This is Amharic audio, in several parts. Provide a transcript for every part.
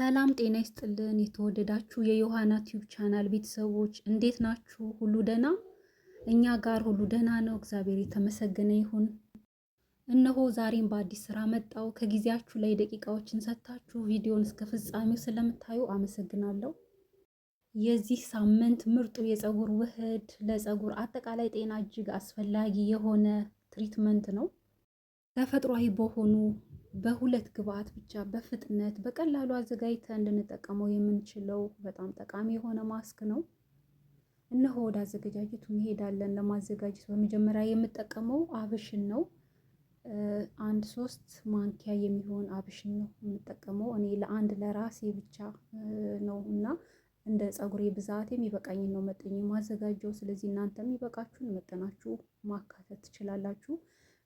ሰላም ጤና ይስጥልን። የተወደዳችሁ የዮሐና ቲዩብ ቻናል ቤተሰቦች እንዴት ናችሁ? ሁሉ ደህና? እኛ ጋር ሁሉ ደህና ነው፣ እግዚአብሔር የተመሰገነ ይሁን። እነሆ ዛሬም በአዲስ ስራ መጣው። ከጊዜያችሁ ላይ ደቂቃዎችን ሰጥታችሁ ቪዲዮን እስከ ፍጻሜው ስለምታዩ አመሰግናለሁ። የዚህ ሳምንት ምርጡ የፀጉር ውህድ ለፀጉር አጠቃላይ ጤና እጅግ አስፈላጊ የሆነ ትሪትመንት ነው ተፈጥሯዊ በሆኑ በሁለት ግብአት ብቻ በፍጥነት በቀላሉ አዘጋጅተን ልንጠቀመው የምንችለው በጣም ጠቃሚ የሆነ ማስክ ነው። እነሆ ወደ አዘገጃጀቱ እንሄዳለን። ለማዘጋጀት በመጀመሪያ የምጠቀመው አብሽን ነው። አንድ ሶስት ማንኪያ የሚሆን አብሽን ነው የምጠቀመው እኔ ለአንድ ለራሴ ብቻ ነው እና እንደ ፀጉሬ ብዛት የሚበቃኝ ነው መጠኝ ማዘጋጀው። ስለዚህ እናንተ የሚበቃችሁን መጠናችሁ ማካተት ትችላላችሁ።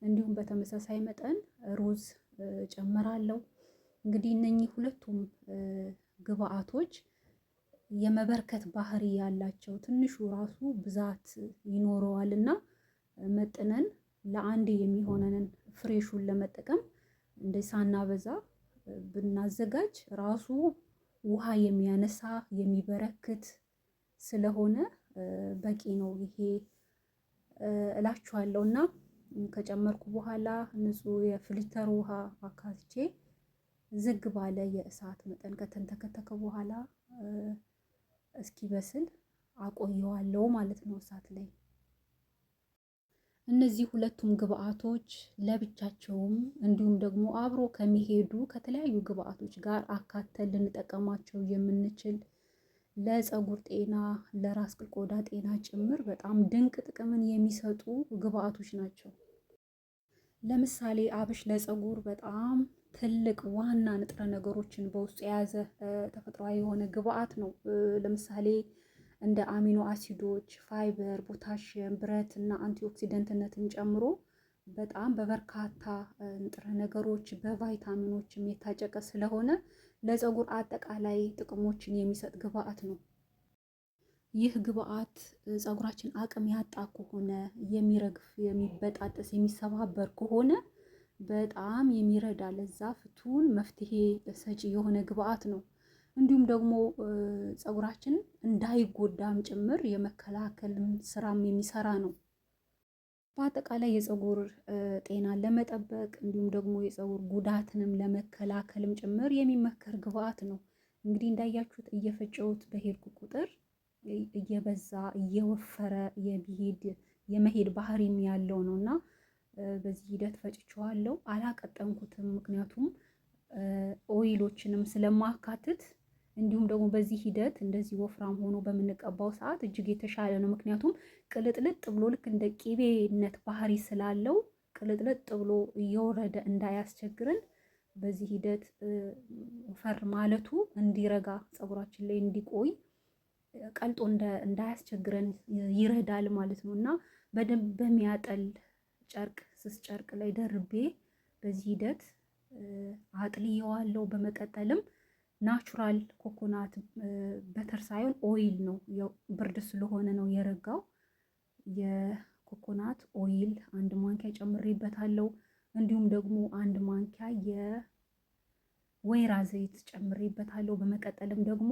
እንዲሁም በተመሳሳይ መጠን ሩዝ ጨምራለሁ። እንግዲህ እነኚህ ሁለቱም ግብአቶች የመበርከት ባህሪ ያላቸው ትንሹ ራሱ ብዛት እና መጥነን ለአንድ የሚሆነንን ፍሬሹን ለመጠቀም እንደ ሳናበዛ ብናዘጋጅ ራሱ ውሃ የሚያነሳ የሚበረክት ስለሆነ በቂ ነው። ይሄ እላችኋለሁ እና ከጨመርኩ በኋላ ንጹህ የፊልተር ውሃ አካትቼ ዝግ ባለ የእሳት መጠን ከተንተከተከ በኋላ እስኪበስል አቆየዋለው ማለት ነው እሳት ላይ። እነዚህ ሁለቱም ግብአቶች ለብቻቸውም እንዲሁም ደግሞ አብሮ ከሚሄዱ ከተለያዩ ግብአቶች ጋር አካተን ልንጠቀማቸው የምንችል ለፀጉር ጤና፣ ለራስ ቆዳ ጤና ጭምር በጣም ድንቅ ጥቅምን የሚሰጡ ግብአቶች ናቸው። ለምሳሌ አብሽ ለፀጉር በጣም ትልቅ ዋና ንጥረ ነገሮችን በውስጡ የያዘ ተፈጥሯዊ የሆነ ግብአት ነው። ለምሳሌ እንደ አሚኖ አሲዶች፣ ፋይበር፣ ፖታሽየም፣ ብረት እና አንቲኦክሲደንትነትን ጨምሮ በጣም በበርካታ ንጥረ ነገሮች በቫይታሚኖችም የታጨቀ ስለሆነ ለፀጉር አጠቃላይ ጥቅሞችን የሚሰጥ ግብአት ነው። ይህ ግብአት ፀጉራችን አቅም ያጣ ከሆነ የሚረግፍ፣ የሚበጣጠስ፣ የሚሰባበር ከሆነ በጣም የሚረዳ ለዛ ፍቱን መፍትሄ ሰጪ የሆነ ግብአት ነው። እንዲሁም ደግሞ ፀጉራችን እንዳይጎዳም ጭምር የመከላከልም ስራም የሚሰራ ነው። በአጠቃላይ የፀጉር ጤናን ለመጠበቅ እንዲሁም ደግሞ የፀጉር ጉዳትንም ለመከላከልም ጭምር የሚመከር ግብአት ነው። እንግዲህ እንዳያችሁት እየፈጨሁት በሄድኩ ቁጥር እየበዛ እየወፈረ የሚሄድ የመሄድ ባህሪም ያለው ነው እና በዚህ ሂደት ፈጭቸዋለው አላቀጠንኩትም፣ ምክንያቱም ኦይሎችንም ስለማካትት እንዲሁም ደግሞ በዚህ ሂደት እንደዚህ ወፍራም ሆኖ በምንቀባው ሰዓት እጅግ የተሻለ ነው። ምክንያቱም ቅልጥልጥ ብሎ ልክ እንደ ቂቤነት ባህሪ ስላለው ቅልጥልጥ ብሎ እየወረደ እንዳያስቸግርን በዚህ ሂደት ፈር ማለቱ እንዲረጋ ፀጉራችን ላይ እንዲቆይ ቀልጦ እንዳያስቸግረን ይረዳል ማለት ነው እና በደንብ በሚያጠል ጨርቅ ስስ ጨርቅ ላይ ደርቤ በዚህ ሂደት አጥልየዋለው። በመቀጠልም ናቹራል ኮኮናት በተር ሳይሆን ኦይል ነው፣ ብርድ ስለሆነ ነው የረጋው። የኮኮናት ኦይል አንድ ማንኪያ ጨምሬበታለሁ። እንዲሁም ደግሞ አንድ ማንኪያ የወይራ ዘይት ጨምሬበታለሁ። በመቀጠልም ደግሞ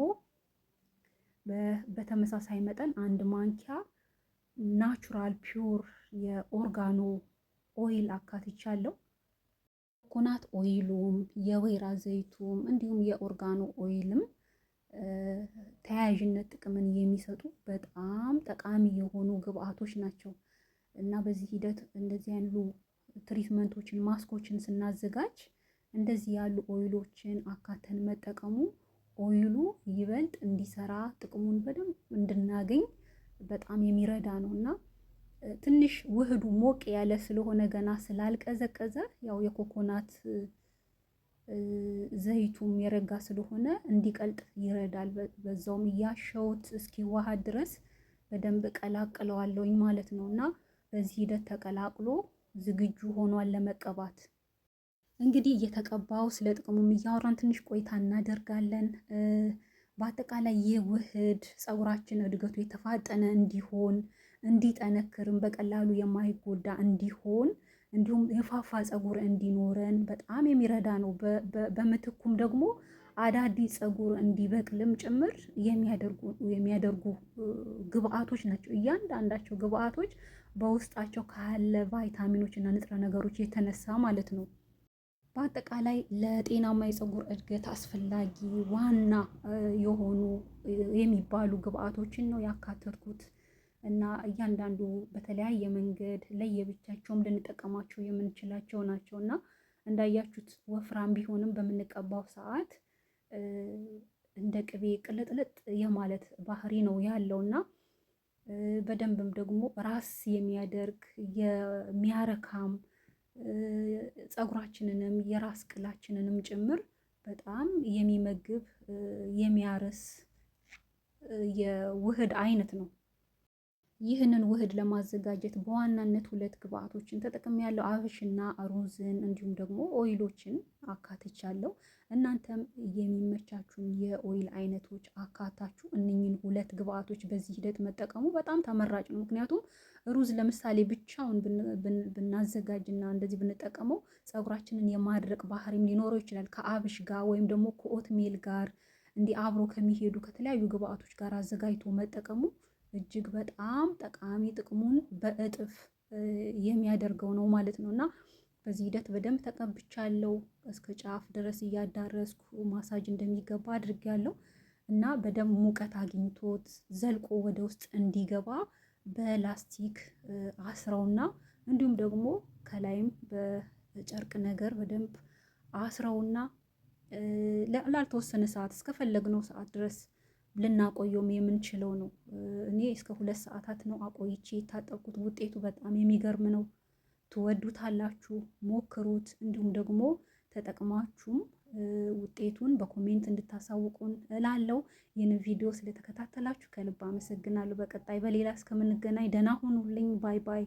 በተመሳሳይ መጠን አንድ ማንኪያ ናቹራል ፒውር የኦርጋኖ ኦይል አካትቻለሁ። ኮኮናት ኦይሉም የወይራ ዘይቱም እንዲሁም የኦርጋኖ ኦይልም ተያያዥነት ጥቅምን የሚሰጡ በጣም ጠቃሚ የሆኑ ግብአቶች ናቸው እና በዚህ ሂደት እንደዚህ ያሉ ትሪትመንቶችን ማስኮችን ስናዘጋጅ እንደዚህ ያሉ ኦይሎችን አካተን መጠቀሙ ኦይሉ ይበልጥ እንዲሰራ ጥቅሙን በደንብ እንድናገኝ በጣም የሚረዳ ነው እና ትንሽ ውህዱ ሞቅ ያለ ስለሆነ ገና ስላልቀዘቀዘ ያው የኮኮናት ዘይቱም የረጋ ስለሆነ እንዲቀልጥ ይረዳል። በዛውም እያሸውት እስኪዋሃድ ድረስ በደንብ ቀላቅለዋለውኝ ማለት ነው እና በዚህ ሂደት ተቀላቅሎ ዝግጁ ሆኗል ለመቀባት። እንግዲህ እየተቀባው ስለ ጥቅሙም እያወራን ትንሽ ቆይታ እናደርጋለን። በአጠቃላይ ይህ ውህድ ፀጉራችን እድገቱ የተፋጠነ እንዲሆን እንዲጠነክርም በቀላሉ የማይጎዳ እንዲሆን እንዲሁም የፋፋ ፀጉር እንዲኖረን በጣም የሚረዳ ነው። በምትኩም ደግሞ አዳዲስ ፀጉር እንዲበቅልም ጭምር የሚያደርጉ ግብአቶች ናቸው። እያንዳንዳቸው ግብአቶች በውስጣቸው ካለ ቫይታሚኖች እና ንጥረ ነገሮች የተነሳ ማለት ነው። በአጠቃላይ ለጤናማ የፀጉር እድገት አስፈላጊ ዋና የሆኑ የሚባሉ ግብአቶችን ነው ያካተትኩት እና እያንዳንዱ በተለያየ መንገድ ለየብቻቸውም ልንጠቀማቸው የምንችላቸው ናቸው እና እንዳያችሁት ወፍራም ቢሆንም በምንቀባው ሰዓት እንደ ቅቤ ቅልጥልጥ የማለት ባህሪ ነው ያለው እና በደንብም ደግሞ ራስ የሚያደርግ የሚያረካም ፀጉራችንንም የራስ ቅላችንንም ጭምር በጣም የሚመግብ የሚያርስ የውህድ አይነት ነው። ይህንን ውህድ ለማዘጋጀት በዋናነት ሁለት ግብአቶችን ተጠቅም ያለው አብሽና ሩዝን እንዲሁም ደግሞ ኦይሎችን አካትቻለሁ። እናንተም የሚመቻችሁን የኦይል አይነቶች አካታችሁ እነኝን ሁለት ግብአቶች በዚህ ሂደት መጠቀሙ በጣም ተመራጭ ነው። ምክንያቱም ሩዝ ለምሳሌ ብቻውን ብናዘጋጅና እንደዚህ ብንጠቀመው ጸጉራችንን የማድረቅ ባህሪም ሊኖረው ይችላል። ከአብሽ ጋር ወይም ደግሞ ከኦትሜል ጋር እንዲህ አብሮ ከሚሄዱ ከተለያዩ ግብአቶች ጋር አዘጋጅቶ መጠቀሙ እጅግ በጣም ጠቃሚ ጥቅሙን በእጥፍ የሚያደርገው ነው ማለት ነው እና በዚህ ሂደት በደንብ ተቀብቻለሁ። እስከ ጫፍ ድረስ እያዳረስኩ ማሳጅ እንደሚገባ አድርጌያለሁ እና በደንብ ሙቀት አግኝቶት ዘልቆ ወደ ውስጥ እንዲገባ በላስቲክ አስረውና እንዲሁም ደግሞ ከላይም በጨርቅ ነገር በደንብ አስረውና ላልተወሰነ ሰዓት እስከፈለግነው ሰዓት ድረስ ልናቆየውም የምንችለው ነው። እኔ እስከ ሁለት ሰዓታት ነው አቆይቼ የታጠብኩት። ውጤቱ በጣም የሚገርም ነው። ትወዱታላችሁ፣ ሞክሩት። እንዲሁም ደግሞ ተጠቅማችሁም ውጤቱን በኮሜንት እንድታሳውቁን እላለሁ። ይህን ቪዲዮ ስለተከታተላችሁ ከልብ አመሰግናለሁ። በቀጣይ በሌላ እስከምንገናኝ ደህና ሁኑልኝ። ባይ ባይ።